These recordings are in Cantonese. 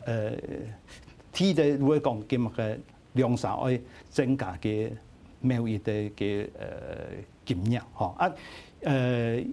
誒、呃，天就會講今日嘅量少，增加嘅貿易的嘅誒金額嚇。啊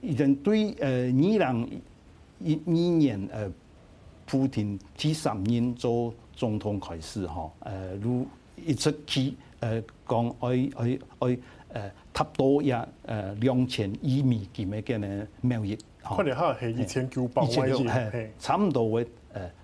已經、呃、對誒、呃、二零一二年誒普丁二十年做總統開始嚇。誒、呃，如一出去誒講我我我誒吸多一誒兩千億美金嘅咩嘅貿易嚇，可能嚇係一千九百蚊嘅、啊，差唔多嘅誒。呃嗯嗯嗯嗯嗯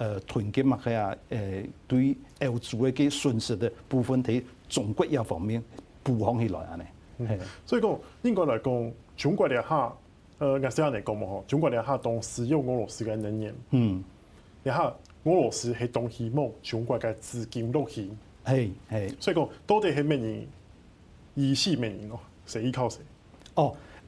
呃，團結嘛，起啊！誒對歐洲嘅佢損失的部分喺中國一方面補充起來啊咧，嗯，所以講，應該嚟講，中國嚟下呃，亞視下嚟講嘛嗬，中國嚟下當使用俄羅斯嘅能源，嗯，然後俄羅斯係當希望中國嘅資金落去，係係，所以講，到底係咩人？二是咩人咯？誰依靠誰？哦。